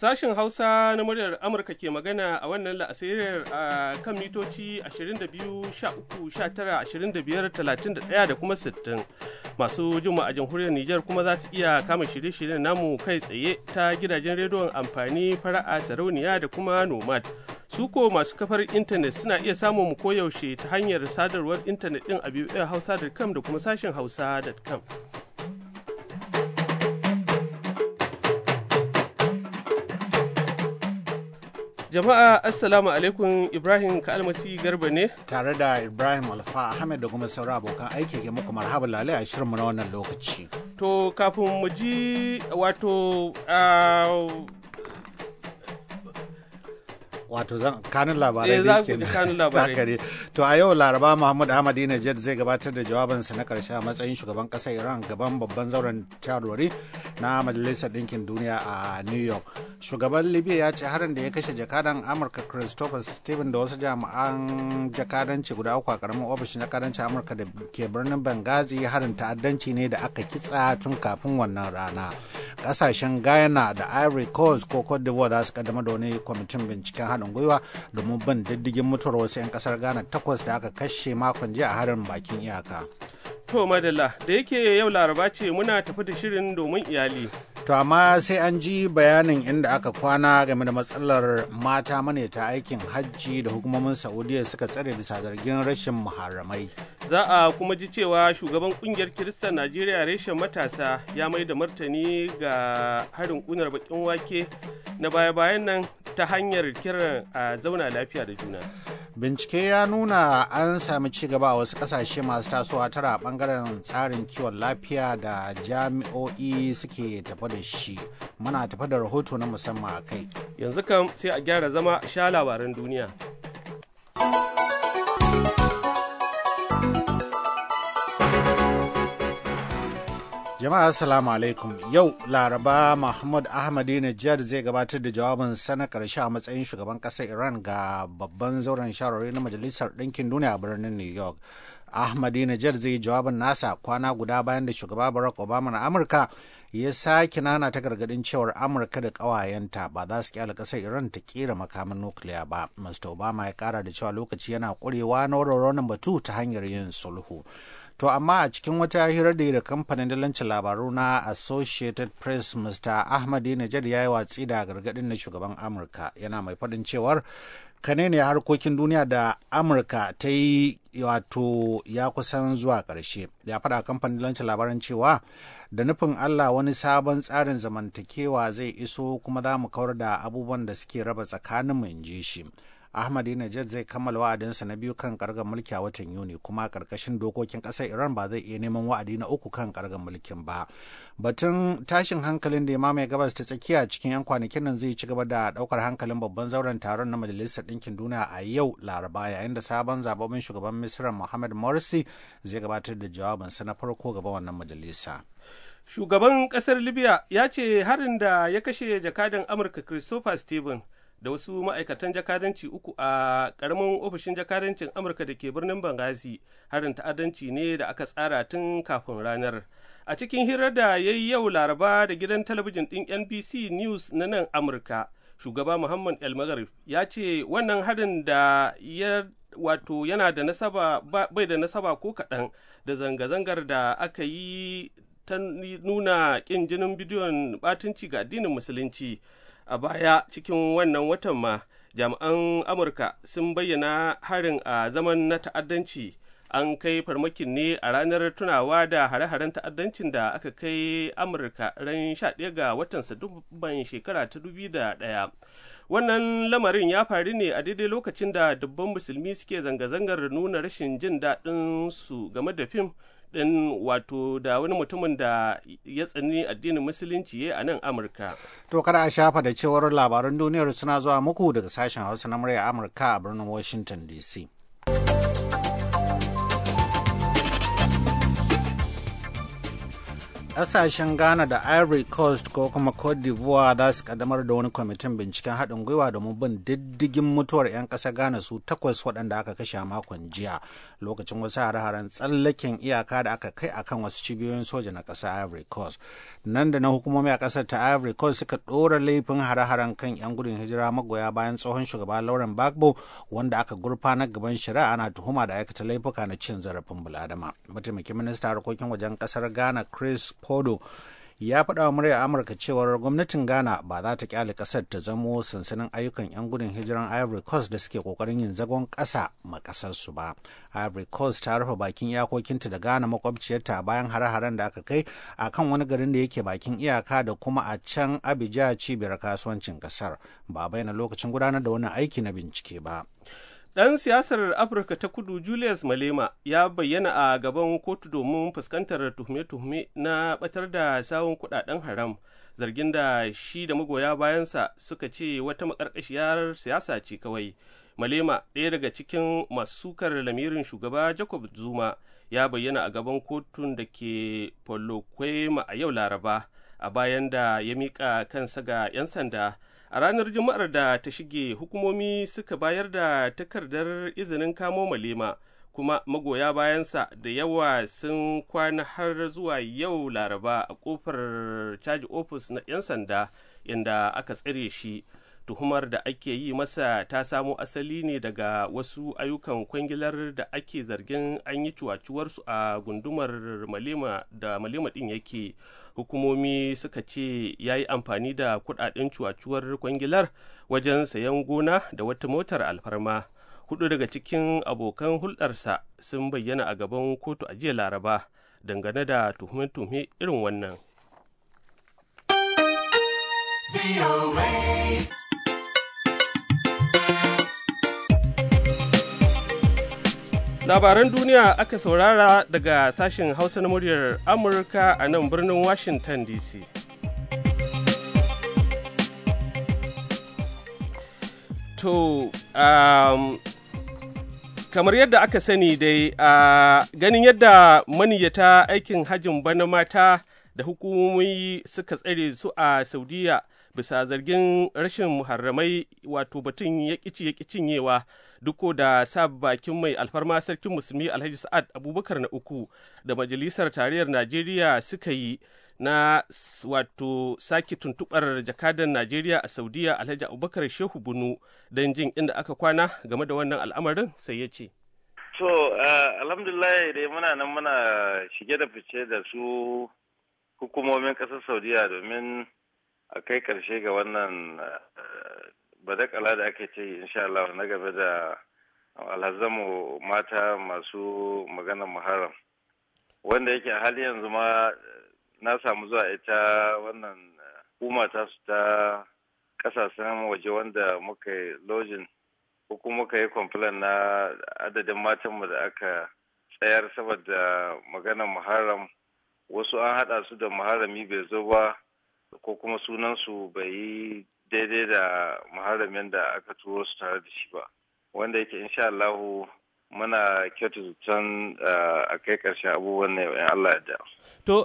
Sashen Hausa na muryar Amurka ke magana a wannan la'asirar a kan mitoci 22-13-25-31 da kuma 60. Masu juma a jamhuriyar Nijar kuma za su iya kama shirye-shiryen namu kai tsaye ta gidajen rediyon amfani fara'a sarauniya da kuma nomad. Suko masu kafar intanet suna iya samun mu koyaushe ta hanyar sadarwar intanet din a eh, hausa.com da kuma sashen hausa.com. Jama'a Assalamu alaikum Ibrahim Kalmasi Garba ne. Tare da Ibrahim Alfa Ahmed da kuma sauran abokan aiki ke muku marhaba lalai a shirinmu na wannan lokaci. To kafin mu ji wato ah, wato labarai da eh, ke ne to a yau laraba mahmud ahmad najed zai gabatar da jawabinsa na karshe a matsayin shugaban kasar iran gaban babban zauren tarori na majalisar ɗinkin duniya a new york shugaban libya ya ce harin da ya kashe jakadan amurka christopher steven da wasu jami'an jakadanci guda uku a karamin ofishin jakadanci amurka da ke birnin benghazi harin ta'addanci ne da aka kitsa tun kafin wannan rana kasashen ghana da ivory coast ko cote d'ivoire za su kaddama da wani kwamitin binciken haɗin gwiwa domin bin diddigin mutuwar wasu 'yan kasar ghana takwas da aka kashe makon jiya a harin bakin iyaka To madalla da yake yau laraba ce muna tafi da shirin domin iyali To amma sai an ji bayanin inda aka kwana game da matsalar mata maneta aikin hajji da hukumomin Saudiya suka tsare bisa zargin rashin muharramai. Za a kuma ji cewa shugaban kungiyar Kiristan Najeriya reshen matasa ya mai da martani ga harin kunar bakin wake na baya-bayan nan ta hanyar kiran a zauna lafiya da juna. bincike ya nuna an sami ci gaba a wasu kasashe masu tasowa tara bangaren tsarin kiwon lafiya da jami'o'i suke tafi da shi muna tafi da rahoto na musamman a kai yanzu kam sai a gyara zama sha labaran duniya Jama'a Assalamu alaikum yau Laraba Mahmud Ahmadi Najjar zai gabatar da jawabin sana karshe a matsayin shugaban ƙasar Iran ga babban zauren shawarwari na Majalisar Ɗinkin Duniya a birnin New York. Ahmadi Najjar zai yi jawabin nasa kwana guda bayan da shugaba Barack Obama na Amurka ya sake nana ta gargadin cewar amurka da ƙawayenta ba za su kyale ƙasar iran ta kera makamin nukiliya ba mr obama ya kara da cewa lokaci yana ƙurewa na warware batu ta hanyar yin sulhu To amma a cikin wata hirar da da kamfanin dalancin labaru na Associated Press Mr. Ahmadi Najar ya yi watsi da gargadin na shugaban Amurka yana mai faɗin cewar kane ne harkokin duniya da Amurka ta yi wato ya kusan zuwa ƙarshe. Ya faɗa kamfanin dalancin labaran cewa da nufin Allah wani sabon tsarin zamantakewa zai iso kuma za mu kawar da abubuwan da suke raba tsakaninmu in ji shi. ahmadinejad zai kammala wa'adinsa na biyu kan kargar mulki a watan yuni kuma karkashin dokokin kasar iran ba zai iya neman wa'adi na uku kan kargar mulkin ba batun tashin hankalin da ya mamaye gabas ta tsakiya cikin yan kwanakin nan zai ci gaba da ɗaukar hankalin babban zauren taron na majalisar ɗinkin duniya a yau laraba yayin da sabon zababin shugaban misira mohamed morsi zai gabatar da jawabinsa na farko gaba wannan majalisa shugaban ƙasar libya ya ce harin da ya kashe jakadan amurka christopher stephen da wasu ma'aikatan jakadanci uku a ƙaramin ofishin jakadancin amurka da ke birnin bangazi harin ta'addanci ne da aka tsara tun kafin ranar a cikin hirar da ya yi yau laraba da gidan talabijin ɗin nbc news na nan amurka shugaba muhammad el magharib ya ce wannan harin da ya wato yana da nasaba bai da nasaba ko kaɗan da zanga-zangar da aka yi ta nuna ƙin jinin bidiyon batunci ga addinin musulunci a baya cikin wannan watan ma jami'an amurka sun bayyana harin a zaman na ta'addanci an kai farmakin ne a ranar tunawa da hare-haren ta'addancin da aka kai amurka ran 11 ga watan sadubban shekara ta dubi da 2001 wannan lamarin ya faru ne a daidai lokacin da dubban musulmi suke zanga-zangar nuna rashin jin daɗin su game da fim din wato da wani mutumin da ya tsani addinin musulunci ya a nan amurka to kada a shafa da cewar labaran duniyar suna zuwa muku daga sashen hausa na murya amurka a birnin washington dc kasashen ghana da ivory coast ko kuma cote d'ivoire za su kaddamar da wani kwamitin binciken haɗin gwiwa domin bin diddigin mutuwar 'yan ƙasa ghana su takwas waɗanda aka kashe a makon jiya lokacin wasu hare-haren tsallaken iyaka da aka kai akan wasu cibiyoyin soja na ƙasa ivory coast nan da na hukumomi a ƙasar ta ivory coast suka ɗora laifin hare-haren kan 'yan gudun hijira magoya bayan tsohon shugaba lauren bagbo wanda aka gurfa na gaban shari'a ana tuhuma da aikata laifuka na cin zarafin bul'adama mataimakin ministan harkokin wajen ƙasar ghana chris Fodo ya faɗa wa murya Amurka cewar gwamnatin Ghana ba za ta kyale ƙasar ta zamo sansanin ayyukan 'yan gudun hijiran Ivory Coast da suke ƙoƙarin yin zagon ƙasa ma ƙasarsu ba. Ivory Coast ta rufe bakin iyakokinta da Ghana makwabciyarta bayan hare-haren da aka kai a kan wani garin da yake bakin iyaka da kuma a can Abuja cibiyar kasuwancin ƙasar. Ba bayyana lokacin gudanar da wani aiki na bincike ba. dan siyasar Afirka ta kudu Julius Malema ya bayyana a gaban kotu domin fuskantar tuhume-tuhume na batar da sawun kudaden haram, zargin da shi da magoya bayansa suka ce wata makarkashiyar siyasa ce kawai. Malema, ɗaya daga cikin masu sukar lamirin shugaba Jacob Zuma, ya bayyana a gaban kotun da ke Polokwe a yau Laraba, a bayan da ya miƙa kansa ga 'yan sanda. a ranar juma'ar da ta shige hukumomi suka bayar da takardar izinin kamo malema kuma magoya bayansa da yawa sun kwana har zuwa yau laraba a kofar caji ofis na 'yan sanda inda aka tsire shi tuhumar da ake yi masa ta samo asali ne daga wasu ayyukan kwangilar da ake zargin an yi cuwacuwarsu a gundumar malema da malema din yake hukumomi suka ce ya yi amfani da kudaden cuwacuwar kwangilar wajen sayan gona da wata motar alfarma hudu daga cikin abokan hulɗarsa sun bayyana a gaban kotu a jiya laraba dangane da tuhume-tuhume irin wannan. Labaran duniya aka saurara daga sashen Hausa na muryar Amurka a nan birnin Washington DC. To, um, kamar yadda aka sani dai a ganin yadda maniyyata aikin hajjin bana mata da hukumomi suka tsare su a Saudiya. bisa zargin rashin muharramai wato batun ya kici ya cinyewa duk da sa bakin mai alfarma sarkin musulmi alhaji sa'ad abubakar na uku da majalisar tarayyar najeriya suka yi na wato sake tuntubar jakadan najeriya a saudiya alhaji abubakar shehu bunu don jin inda aka kwana game da wannan al'amarin sai ya ce So eh, alhamdulillah dai muna nan muna shige da fice da su hukumomin ƙasar saudiya domin a kai ƙarshe ga wannan eh, badakala da ake ce insha Allah na gaba da alhazamu mata masu magana muharram wanda yake a hali yanzu ma eh, na samu zuwa ita wannan eh, kuma ta su ta kasashen waje wanda muka yi lojin ko kuma muka yi kwamfilan na adadin matanmu da aka tsayar saboda maganar muharram wasu an haɗa su da muharrami bai zo ba ko kuma sunansu bai yi daidai da muharramin da aka turo su tare da shi ba wanda yake insha Allah muna kyautu zutan a kai ƙarshen abubuwan na in Allah ya To,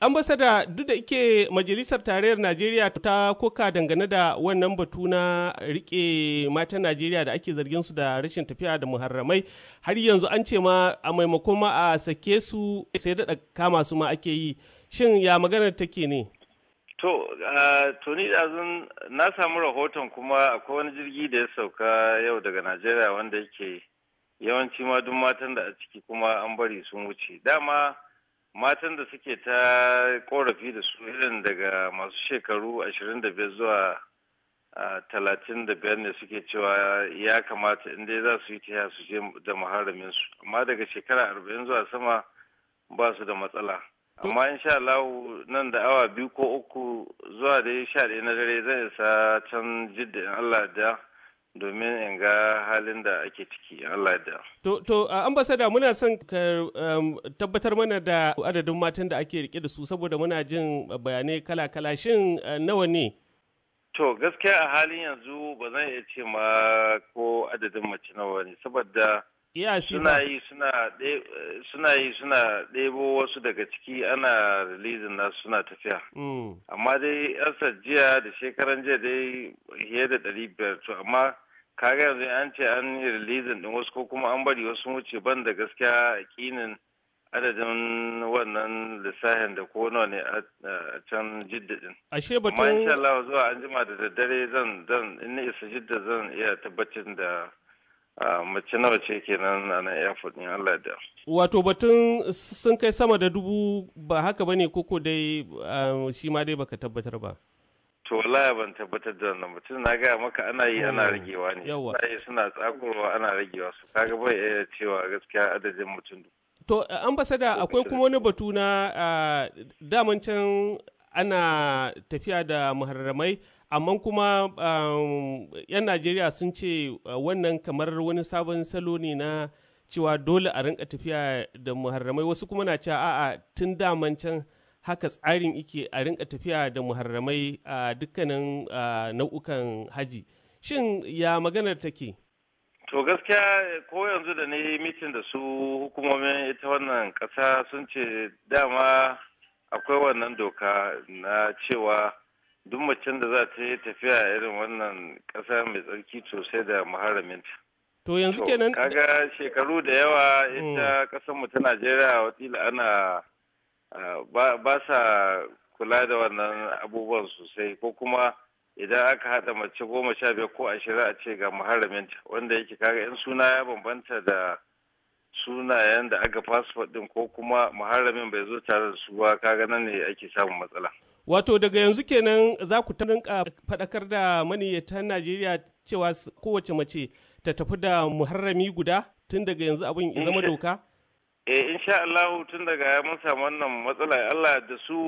ambasada duk da ike majalisar tarayyar Najeriya ta koka dangane da wannan batu na rike matan Najeriya da ake zargin su da rashin tafiya da muharramai har yanzu an ce ma a maimakon ma a sake su sai daɗa kama su ma ake yi. Shin ya maganar take ne? To, to ɗazun na samu rahoton kuma akwai wani jirgi da ya sauka yau daga Najeriya wanda yake yawanci ma duk matan da a ciki kuma an bari sun wuce. Dama matan da suke ta korafi da su irin daga masu shekaru 25 zuwa talatin da biyar ne suke cewa ya kamata inda za su yi ta su je da maharamin su amma daga shekara arba'in zuwa sama ba su da matsala amma in sha Allah nan da awa biyu ko uku zuwa da sha ɗaya na dare zan isa can jidda in Allah da domin in ga halin da ake ciki Allah da. To, to ambasada muna son ka um, tabbatar mana da adadin matan da ake rike da su saboda muna jin bayanai kala-kala shin uh, nawa ne? To gaskiya a halin yanzu ba zan iya ce ma ko adadin mace nawa ne saboda Eh, suna yi suna suna ɗebo wasu daga ciki ana releasing na suna tafiya mm. amma dai yan jiya da shekaran jiya dai fiye da ɗari biyar to amma kaga yanzu an ce an yi releasing ɗin wasu ko kuma an bari wasu wuce ban da gaskiya kinin adadin wannan lissafin da ko nawa ne a can jidda din. Ashe batun. Amma insha Allah zuwa an jima da daddare zan zan in isa jidda zan iya tabbacin da mace nawa ce kenan a nan airport ne Allah da. Wato batun sun kai sama da dubu ba haka bane koko dai shi ma dai baka tabbatar ba. To wallahi ban tabbatar da wannan mutum na gaya maka ana yi ana ragewa ne. Sai suna tsakurwa ana ragewa su kaga bai iya cewa gaskiya adadin mutum. To ambasada akwai kuma wani batu na daman can ana tafiya da muharramai amma kuma um, yan najeriya sun ce uh, wannan kamar wani sabon salo ne na cewa dole a rinka tafiya da muharramai wasu kuma na cewa a'a tun daman can haka tsarin ike a rinka tafiya da muharramai a dukkanin uh, nau'ukan haji shin ya maganar take to gaskiya ko yanzu da ne mitin da su hukumomin ita wannan kasa sun ce dama akwai wannan doka na cewa duk macen da za ta yi tafiya a irin wannan ƙasa mai tsarki sosai da maharaminta. To yanzu kenan kaga shekaru da yawa ita mm. ƙasar mu ta Najeriya watila ana ba sa kula da wannan abubuwan sosai ko kuma idan aka haɗa mace goma sha biyar ko ashirin a ce ga maharaminta wanda yake kaga in suna ya bambanta da sunayen da aka fasfo ɗin ko kuma maharamin bai zo tare da su ba kaga nan ne ake samun matsala. Wato daga yanzu kenan za ku ta rinka faɗakar da maniyyatan Najeriya cewa kowace mace ta tafi da muharrami guda tun daga yanzu abin ya zama doka? Eh insha Allah tun daga mun samu wannan matsala Allah da su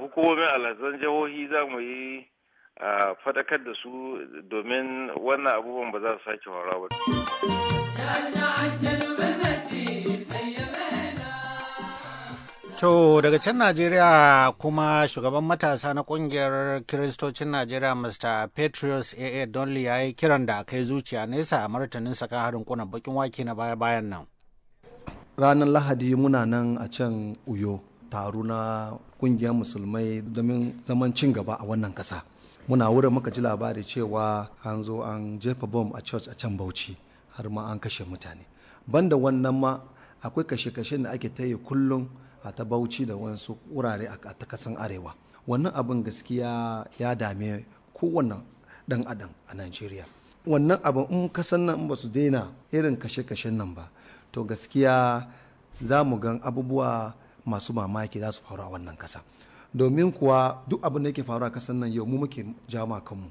hukumomin alhazan jihohi za mu yi faɗakar da su domin wannan abubuwan ba za su sake faruwa ba. To daga can Najeriya kuma shugaban matasa na kungiyar Kiristocin Najeriya Mr. Petrus A.A. Donley ya yi kiran da kai zuciya nesa a martanin sakan harin kuna bakin wake na baya-bayan nan. Ranar Lahadi muna nan a can Uyo taro na kungiyar musulmai domin zaman cin gaba a wannan kasa. Muna wurin muka ji labari cewa an zo an jefa bom a church a can Bauchi har ma an kashe mutane. Banda wannan ma akwai kashe-kashen da ake ta yi kullum a ta bauchi da wasu wurare a ta kasan arewa wannan abin gaskiya ya dame kowanne dan adam a najeriya wannan abin in kasan nan ba su daina irin kashe-kashen nan ba to gaskiya za mu gan abubuwa masu mamaki za su faru a wannan kasa domin kuwa duk abin da yake faru a kasan nan yau mu muke jama kanmu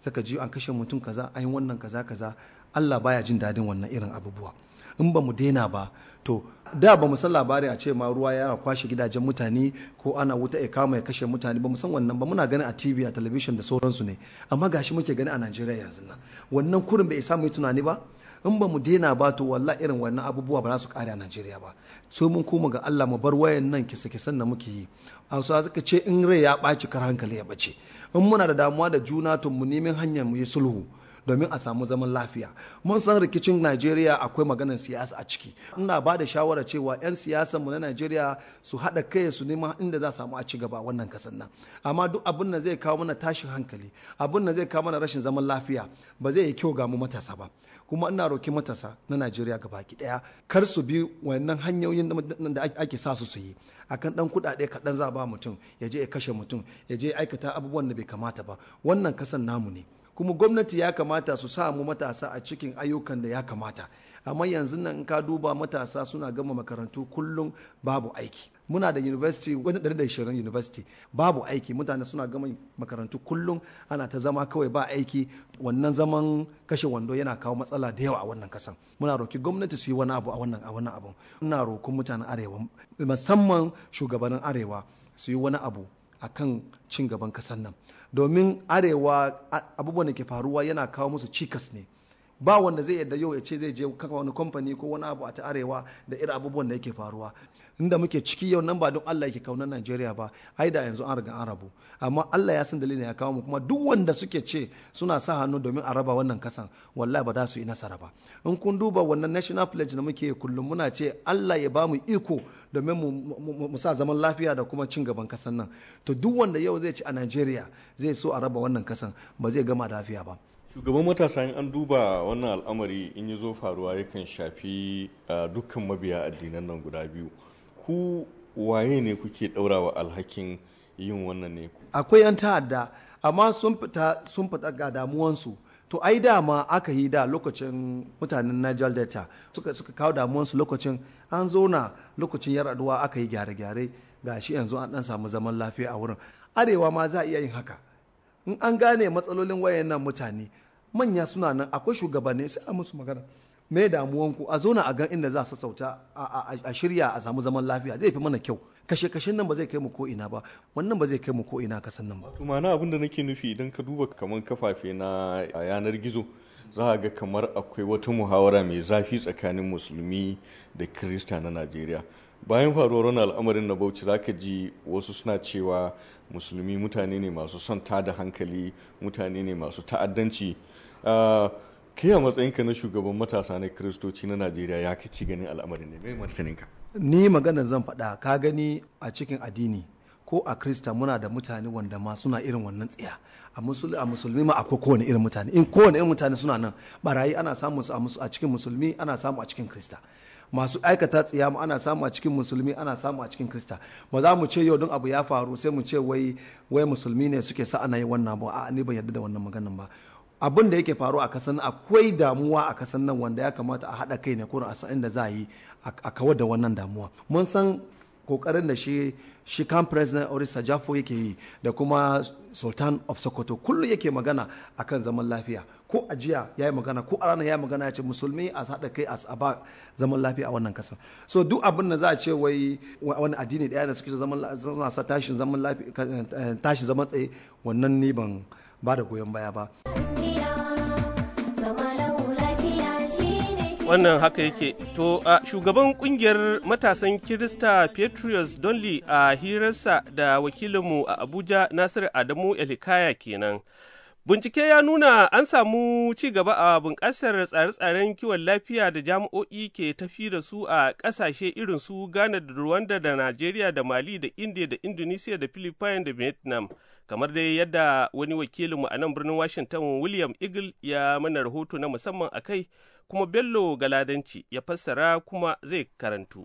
saka ji an kashe mutum kaza an yi wannan kaza kaza Allah baya jin dadin wannan irin abubuwa in ba mu daina ba to da ba san labari a ce ma ruwa ya kwashe gidajen mutane ko ana wuta ya kama ya kashe mutane ba san wannan ba muna ganin a tv a television da sauransu ne amma gashi muke gani a najeriya yanzu nan wannan kurin bai isa yi tunani ba in ba mu daina ba to walla irin wannan abubuwa ba za su kare a najeriya ba so mun koma ga allah mu bar wayan nan kisa-kisan da muke yi a su suka ce in rai ya ɓaci kar hankali ya ɓace in muna da damuwa da juna to mu nemin hanyar mu yi sulhu domin a samu zaman lafiya mun san rikicin najeriya akwai maganar siyasa a ciki ina ba da shawara cewa 'yan siyasan mu na najeriya su haɗa kai su nema inda za samu a ci gaba wannan kasar nan amma duk abin da zai kawo mana tashin hankali abin da zai kawo mana rashin zaman lafiya ba zai yi kyau ga mu matasa ba kuma ina roki matasa na najeriya gabaki ɗaya kar su bi wannan hanyoyin da ake sa su su yi akan dan kuɗaɗe kaɗan za ba mutum ya je ya kashe mutum ya je aikata abubuwan da bai kamata ba wannan kasan namu ne kuma gwamnati ya kamata su samu matasa a cikin ayyukan da ya kamata amma yanzu nan in ka duba matasa suna gama makarantu kullum babu aiki muna da university wani 120 university babu aiki mutane suna gama makarantu kullum ana ta zama kawai ba aiki wannan zaman kashe wando yana kawo matsala da yawa a wannan kasan muna roki gwamnati su yi wani abu a wannan a wannan abun ina roƙon mutanen arewa musamman shugabannin arewa su yi wani abu a kan cin gaban kasar nan domin arewa abubuwan da ke faruwa yana kawo musu cikas ne ba wanda zai yadda yau ya ce zai je kaka wani kamfani ko wani abu a ta arewa da irin abubuwan da yake faruwa inda muke ciki yau nan ba don Allah yake kaunar Najeriya ba ai da yanzu an riga an rabu amma Allah ya san dalilin ya kawo mu kuma duk wanda suke ce suna sa hannu domin a raba wannan kasan wallahi ba za su yi nasara ba in kun duba wannan national pledge da muke kullum muna ce Allah ya ba mu iko domin mu sa zaman lafiya da kuma cin gaban kasan nan to duk wanda yau zai ci a Najeriya zai so a raba wannan kasan ba zai gama lafiya ba shugaban matasa an duba wannan al'amari in ya zo faruwa yakan shafi ah, dukkan mabiya addinan nan guda biyu ku waye ne kuke ɗaurawa alhakin yin wannan ne akwai 'yan ta'adda amma sun fita ga damuwansu to ai dama aka yi da lokacin mutanen Niger Delta suka suka kawo damuwansu lokacin an na lokacin yaraduwa aka yi gyare-gyare ga shi yanzu an dan samu zaman lafiya a wurin arewa ma za a iya yin haka in an gane matsalolin wayannan mutane manya suna nan akwai shugabanni sai a musu magana me damuwanku a zauna a gan inda za a sassauta a shirya a samu zaman lafiya zai fi mana kyau kashe-kashen nan ba zai kai mu ko ina ba wannan ba zai kai mu ko ina kasan nan ba tuma na abinda nake nufi idan ka duba kamar kafafe na a yanar gizo za a ga kamar akwai wata muhawara mai zafi tsakanin musulmi da kirista na najeriya bayan faruwar wani al'amarin na bauchi za ka ji wasu suna cewa musulmi mutane ne masu son da hankali mutane ne masu ta'addanci ah, kai a matsayinka na shugaban matasa na kiristoci na najeriya ya kici ganin al'amarin ne mai martaninka ni maganar zan faɗa ka gani a cikin addini ko a krista muna da mutane wanda ma suna irin wannan tsiya a musulmi ma akwai kowane irin mutane in kowane irin mutane suna nan barayi ana samun su a cikin musulmi ana samu a cikin krista masu aikata tsiya ma ana samu a cikin musulmi ana samu a cikin krista ba za mu ce yau don abu ya faru sai mu ce wai wai musulmi ne suke sa ana yi wannan ba a ni ban yarda da wannan maganan ba abin da yake faru a kasan akwai damuwa a kasan nan wanda ya kamata a haɗa kai ne kurin a san inda za a yi a kawar da wannan damuwa mun san kokarin da shi shi kan president orisa jafo yake yi da kuma sultan of sokoto kullum yake magana akan zaman lafiya ko a jiya ya yi magana ko a ranar ya yi magana ya ce musulmi a haɗa kai a ba zaman lafiya a wannan kasar so duk abin da za a ce wai wani addini ɗaya da suke zaman eh, tashin zaman tsaye wannan ni ban ba da goyon baya ba. wannan haka yake to a shugaban kungiyar matasan kirista petrus donley a hirarsa da wakilinmu a abuja nasir adamu elikaya kenan Bincike ya nuna an samu ci gaba a bunƙasar tsare-tsaren kiwon lafiya da jami'o'i ke tafi da su a kasashe irin su Ghana da Rwanda da Najeriya da Mali da India da Indonesia da Philippines da Vietnam. Kamar dai yadda wani wakilinmu a nan birnin Washington William Eagle ya mana rahoto na musamman a kai, kuma Bello Galadanci ya fassara kuma zai karantu.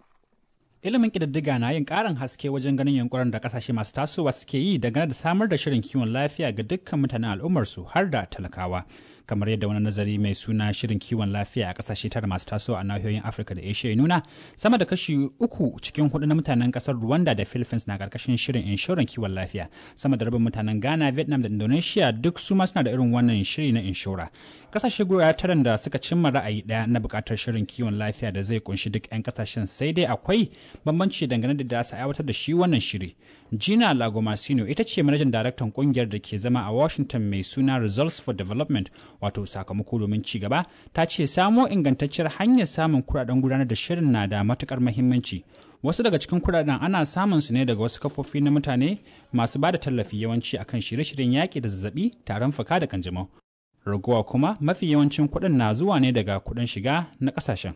ilimin ƙididdiga na yin ƙarin haske wajen ganin yankuran da kasashe masu tasowa suke yi dangane da samar da shirin kiwon lafiya ga dukkan mutanen al'ummarsu har da talakawa kamar yadda wani nazari mai suna shirin kiwon lafiya a kasashe tara masu tasowa a nahiyoyin afirka da asia ya nuna sama da kashi uku cikin hudu na mutanen kasar rwanda da philippines na karkashin shirin inshoran kiwon lafiya sama da rabin mutanen ghana vietnam da indonesia duk su ma suna da irin wannan shiri na inshora kasashe goya taran da suka cimma ra'ayi daya na bukatar shirin kiwon lafiya da zai kunshi duk 'yan kasashen sai dai akwai bambanci dangane da da aiwatar da shi wannan shiri Gina Lagomasino ita ce manajan daraktan kungiyar da ke zama a Washington mai suna Results for Development wato sakamako domin ci gaba ta ce samo ingantacciyar hanyar samun kuɗaɗen gudanar da shirin na da matukar muhimmanci. Wasu daga cikin kuɗaɗen ana samun su ne daga wasu kafofi na mutane masu ba da tallafi yawanci akan shirye-shiryen yaƙi da zazzabi, tarin fuka da kanjamau. Raguwa kuma mafi yawancin kuɗin na zuwa ne daga kuɗin shiga na ƙasashen.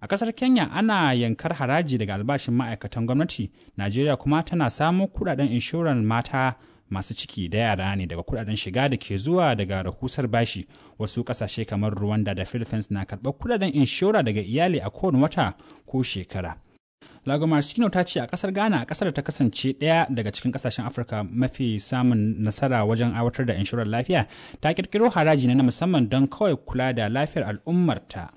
A ƙasar Kenya ana yankar haraji daga albashin ma'aikatan gwamnati, Najeriya kuma tana samo kuɗaɗen inshoran mata masu ciki da yara ne daga kudaden shiga da ke zuwa daga rahusar bashi wasu kasashe kamar Rwanda da Philippines na karɓar kudaden inshora daga iyali a kowane wata ko shekara. Lagomar sino ta ce a kasar Ghana a kasar ta kasance ɗaya daga cikin kasashen Afirka mafi samun nasara wajen aiwatar da inshorar lafiya ta kirkiro haraji ne na musamman don kawai kula da lafiyar al'ummarta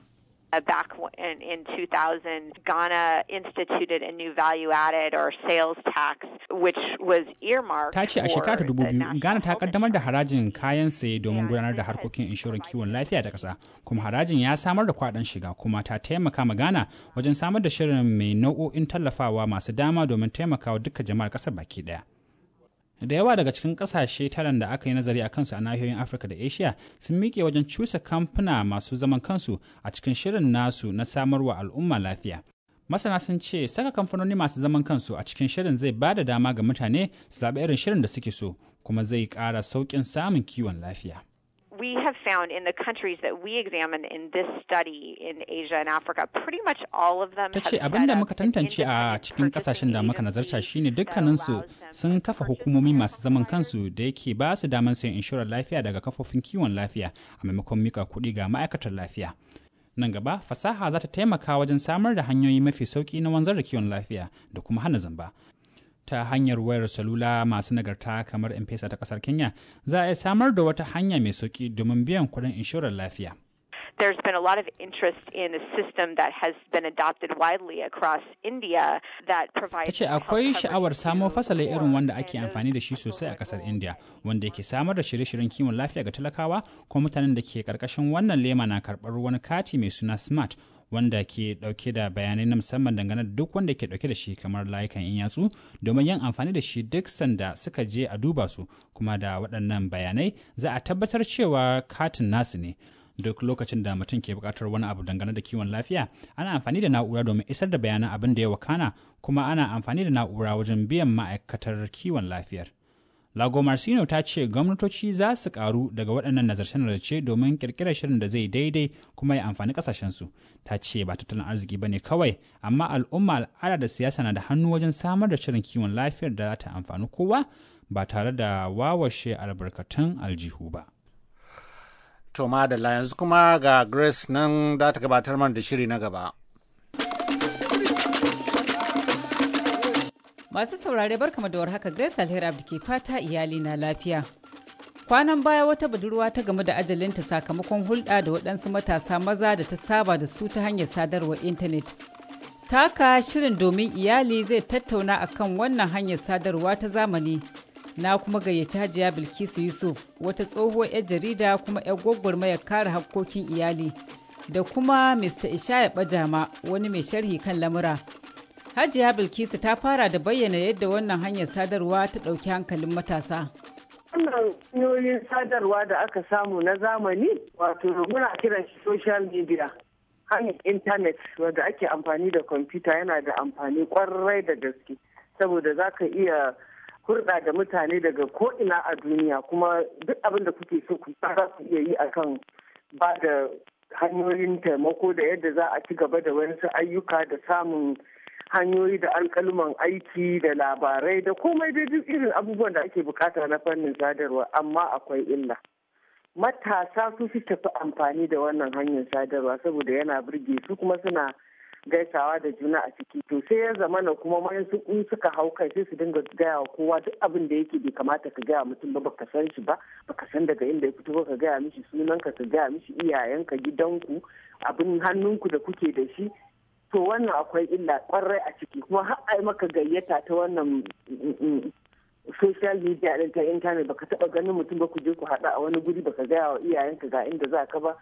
uh, back in, in 2000, Ghana instituted a new value added or sales tax, which was earmarked. Ta ce a shekara ta dubu biyu, Ghana ta kaddamar da harajin kayan saye domin gudanar da harkokin inshorar kiwon lafiya ta ƙasa, kuma harajin ya samar da kwaɗan shiga kuma ta taimaka ma Ghana wajen samar da shirin mai nau'o'in tallafawa masu dama domin taimakawa duka jama'ar ƙasar baki ɗaya. da yawa daga cikin kasashe taran da aka yi nazari a kansu a nahiyoyin afirka da asia sun miƙe wajen cusa kamfuna masu zaman kansu a cikin shirin nasu na samarwa al'umma lafiya masana sun ce saka kamfanoni masu zaman kansu a cikin shirin zai ba da dama ga mutane su zaɓi irin shirin da suke so kuma zai ƙara sauƙin samun kiwon lafiya we have found in the countries that we examine in this study in Asia and Africa, pretty much all of them. Ta ce abin da muka tantance a cikin kasashen da muka nazarta shine dukkaninsu sun kafa hukumomi masu zaman kansu da yake ba su damar sayan inshorar lafiya daga kafofin kiwon lafiya a maimakon mika kuɗi ga ma'aikatar lafiya. Nan gaba fasaha za ta taimaka wajen samar da hanyoyi mafi sauki na wanzar da kiwon lafiya da kuma hana zamba. ta hanyar wayar salula masu nagarta kamar M-Pesa ta kasar Kenya, za a samar da wata hanya mai sauki domin biyan kuɗin inshorar lafiya. there's been a lot of interest in a system that has been adopted widely across India that provides. Tace akwai sha'awar samo fasalin irin wanda ake amfani da shi sosai a kasar India wanda yake samar da shirye-shiryen kiwon lafiya ga talakawa ko mutanen da ke karkashin wannan lema na karɓar wani kati mai suna smart wanda ke dauke da bayanai na musamman dangane da duk wanda ke dauke da shi kamar layukan in yatsu domin yin amfani da shi duk sanda suka je a duba su kuma da waɗannan bayanai za a tabbatar cewa katin nasu ne duk lokacin da mutum ke buƙatar wani abu dangane da kiwon lafiya ana amfani da na'ura domin isar da bayanan abin da ya wakana kuma ana amfani da na'ura wajen biyan ma'aikatar kiwon lafiyar lago Lagomarsino ta ce gwamnatoci za su karu daga waɗannan nazarce-nazarce domin ƙirƙirar shirin da zai daidai kuma ya amfani ƙasashensu. Ta ce ba tattalin arziki ba ne kawai, amma al'umma al'ada da siyasa na da hannu wajen samar da shirin kiwon lafiyar da za ta amfani kowa ba tare da wawashe albarkatun aljihu ba. To da yanzu kuma ga Grace nan za ta gabatar mana da shiri na gaba. Masu saurare barkama da haka Grace Alheri da ke fata iyali na lafiya. Kwanan baya wata budurwa ta gamu da ajalinta sakamakon hulɗa da waɗansu matasa maza da ta saba da su ta hanyar sadarwar intanet. Taka shirin domin iyali zai tattauna akan wannan hanyar sadarwa ta zamani. Na kuma gayyaci Hajiya Bilkisu Yusuf, wata tsohuwar 'yar jarida kuma 'yar gwagwarmayar kare hakkokin iyali, da kuma Mr. Ishaya Bajama, wani mai sharhi kan lamura. Hajiya Bilkisu ta fara da bayyana yadda wannan hanyar sadarwa ta ɗauki hankalin matasa. Wannan hanyoyin sadarwa da aka samu na zamani wato muna kiran shi social media. Hanyar intanet wanda ake amfani da kwamfuta yana da amfani kwarai da gaske saboda za ka iya hurɗa da mutane daga ko'ina a duniya kuma duk abin da kuke so ku za ku iya yi akan ba da hanyoyin taimako da yadda za a ci gaba da wasu ayyuka da samun hanyoyi da alkaluman aiki da labarai da komai da duk irin abubuwan da ake bukata na fannin sadarwa amma akwai illa matasa su fi tafi amfani da wannan hanyar sadarwa saboda yana burge su kuma suna gaisawa da juna a ciki to sai ya zama na kuma mayan su in suka hau kai sai su dinga gaya wa kowa duk abin da yake bai kamata ka gaya mutum ba baka san shi ba baka san daga inda ya fito ka gaya mishi sunanka ka ka gaya mishi iyayenka gidanku abin hannunku da kuke da shi to wannan akwai illa kwarai a ciki kuma har ai maka gayyata ta wannan mm, mm, mm, social media din ta intanet baka taba ganin mutum ba ku je ku haɗu a wani guri baka gaya wa iyayenka ga inda za ka ba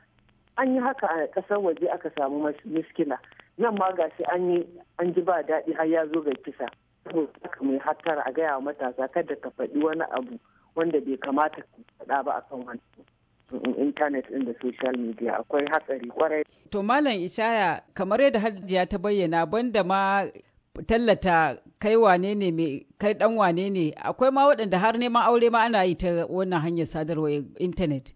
an yi haka a kasar waje aka samu miskila nan ma ga shi an yi an ji ba daɗi har ya zo ga kisa saboda mai hattara a gaya wa matasa kada ka faɗi wani abu wanda bai kamata ku faɗa ba akan wani intanet ɗin da social media akwai hatsari kwarai. To Malam Ishaya kamar yadda Hajiya ta bayyana banda ma tallata kai wane ne mai kai dan wane ne akwai ma waɗanda har neman aure ma ana yi ta wannan hanyar sadarwa intanet.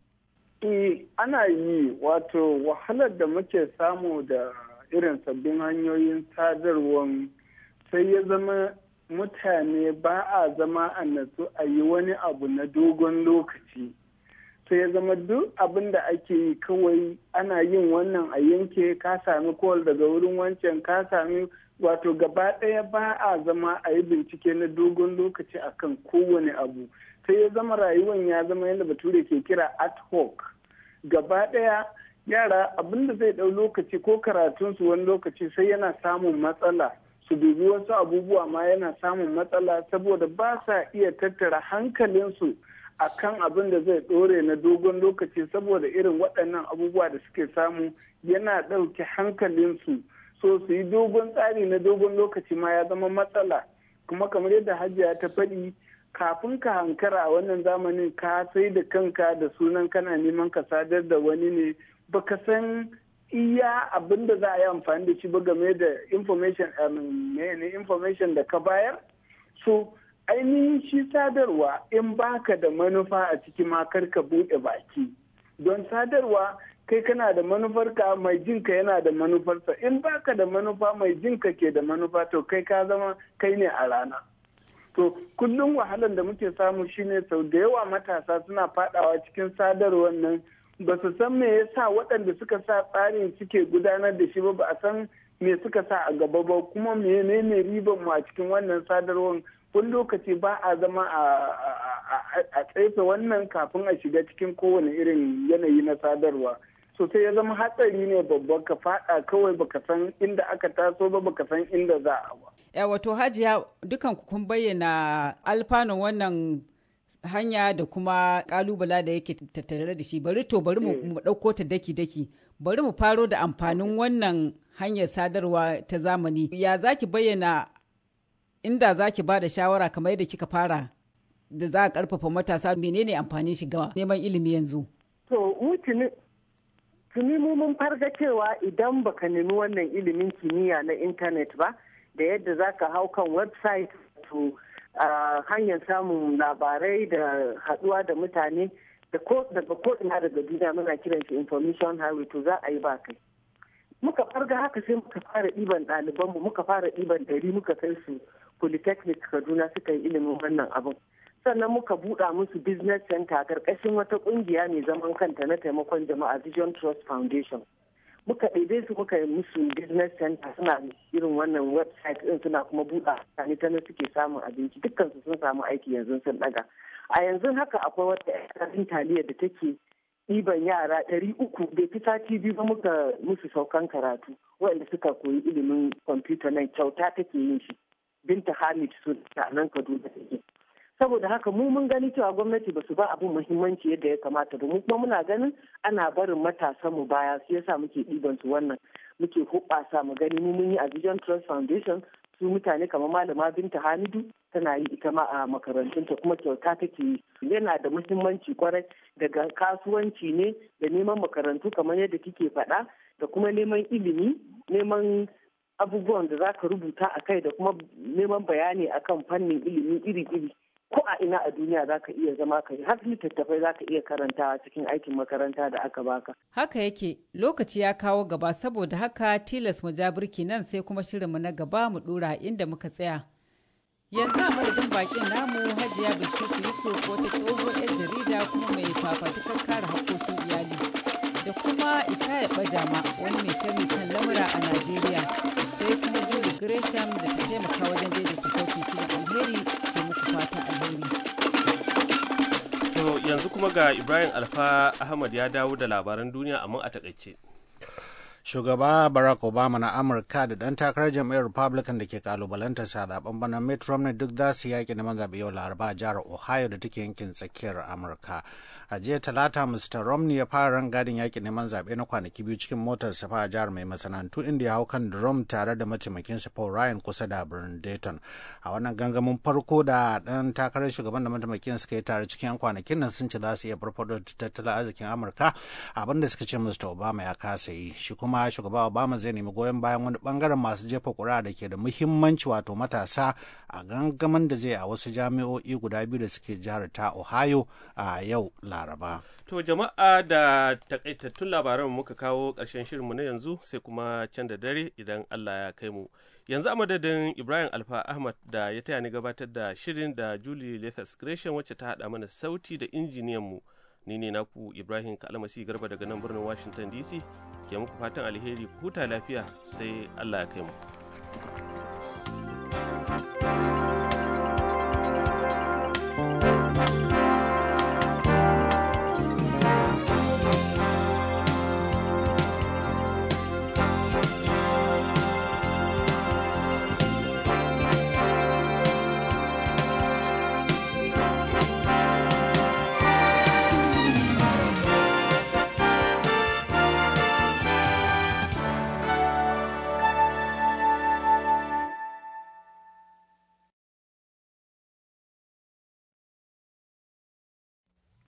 Eh ana yi wato wahalar da muke samu da irin sabbin hanyoyin sadarwar sai ya zama mutane ba a zama a natsu a yi wani abu na dogon lokaci. sai ya zama duk abin da ake yi kawai ana yin wannan a yanke ka sami kowal daga wurin wancan ka sami wato gaba ɗaya ba a zama a yi bincike na dogon lokaci akan kowane abu sai ya zama rayuwan ya zama yadda bature ke kira ad hoc gaba ɗaya yara abin da zai ɗau lokaci ko karatunsu wani lokaci sai yana samun matsala su dubi wasu abubuwa ma yana samun matsala saboda ba sa iya tattara hankalinsu akan abin da zai ɗore na dogon lokaci saboda irin waɗannan abubuwa da suke samu yana ɗauke hankalinsu so su yi dogon tsari na dogon lokaci ma ya zama matsala kuma kamar yadda hajiya ta faɗi kafin ka hankara a wannan zamanin ka sai da kanka da sunan kana neman ka sadar da wani ne baka san iya abin da za a yi amfani da shi ba game da information um, information da ka bayar so ainihin shi sadarwa in baka da manufa a cikin makar ka buɗe baki don sadarwa kai kana da manufarka mai jinka yana da manufarsa in baka da manufa mai jinka ke da manufa to kai ka zama kai ne a rana to kullum wahalan da muke samu shine sau da yawa matasa suna fadawa cikin sadarwar nan ba su san me yasa waɗanda suka sa tsarin suke gudanar da shi ba ba a san me suka sa a gaba ba kuma menene riban mu a cikin wannan sadarwar kun lokaci ba a zama a tsafe wannan kafin a shiga cikin kowane irin yanayi na sadarwa sosai ya zama hatsari ne babba ka fada kawai baka san inda aka taso ba baka san inda za a ba ya wato hajiya dukan kun bayyana alfanu wannan hanya da kuma kalubala da yake tattare da shi bari to bari mu eh. ɗauko ta daki-daki bari mu faro da amfanin wannan hanyar sadarwa ta zamani ya zaki bayyana inda za ki ba da shawara kamar yadda kika fara da za a karfafa matasa menene amfanin shiga neman ilimi yanzu to mutumin tuni mu mun farga cewa idan baka nemi wannan ilimin kimiyya na intanet ba da yadda za ka hau kan website to hanyar samun labarai da haduwa da mutane daga ko ina daga duniya muna kiran shi information highway to za a yi ba kai muka farga haka sai muka fara ɗiban ɗalibanmu muka fara ɗiban ɗari muka kai su polytechnic kaduna suka yi ilimin wannan abin sannan muka buɗa musu business center a ƙarƙashin wata ƙungiya mai zaman kanta na taimakon jama'a vision trust foundation muka ɗebe su muka yi musu business center suna irin wannan website ɗin suna kuma buɗa sani ta suke samun abinci dukkan su sun samu aiki yanzu sun ɗaga a yanzu haka akwai wata ƙarin taliya da take ɗiban yara ɗari uku bai fi sati biyu ba muka musu saukan karatu waɗanda suka koyi ilimin kwamfuta nan kyauta take yin shi binta hamid sun ta nan kaduna take saboda haka mu mun gani cewa gwamnati ba su ba abin muhimmanci yadda ya kamata da mu kuma muna ganin ana barin matasan mu baya su yasa muke ɗiban su wannan muke hubasa mu gani mu mun yi a vision trust foundation su mutane kamar malama binta hamidu tana yi ita ma a makarantunta kuma kyauta take yi yana da muhimmanci kwarai daga kasuwanci ne da neman makarantu kamar yadda kike faɗa da kuma neman ilimi neman abubuwan da za ka rubuta a kai da kuma neman bayani akan fannin ilimi iri-iri ko a ina a duniya za ka iya zama ka yi har littattafai za ka iya karantawa cikin aikin makaranta da aka baka. Haka yake lokaci ya kawo gaba saboda haka tilas mu ja birki nan sai kuma shirinmu na gaba mu dora inda muka tsaya. Yanzu a madadin bakin namu Hajiya Bilkisu Yusuf wata tsoho 'yan jarida kuma mai fafatukar kare haƙƙoƙin iyali da kuma Ishaya Bajama wani mai sharhi kan lamura a Najeriya. sai kuma Julie Gresham da ta taimaka wajen daidaita shi da alheri ke muku fata alheri. To yanzu kuma ga Ibrahim Alfa Ahmad ya dawo da labaran duniya amma a takaice. shugaba barack obama na amurka da dan takarar jam'iyyar republican da ke kalubalantar sa zaben bana mitt romney duk za su yaki neman zaɓe yau laraba a jihar ohio da take yankin tsakiyar amurka a jiya talata mr romney ya fara rangadin yakin neman zaɓe na kwanaki biyu cikin motar safa a jihar mai masana'antu inda ya hau kan drum tare da sa paul ryan kusa da birnin dayton a wannan gangamin farko da ɗan takarar shugaban da mataimakin suka yi tare cikin 'yan kwanakin nan sun ce za su iya farfado da tattalin arzikin amurka abin da suka ce mr obama ya kasa yi shi kuma shugaba obama zai nemi goyon bayan wani bangaren masu jefa kura da ke da muhimmanci wato matasa a gangamin da zai a wasu jami'o'i guda biyu da suke jihar ta ohio a yau la laraba to jama'a da takaitattun labaran muka kawo ƙarshen shirinmu na yanzu sai kuma can da dare idan allah ya kai mu yanzu a madadin ibrahim alfa ahmad da ya taya ni gabatar da shirin da julie lethas gresham wacce ta haɗa mana sauti da injiniyan mu ni ne naku ibrahim kalmasi garba daga nan birnin washington dc ke muku fatan alheri huta lafiya sai allah ya kai mu thank you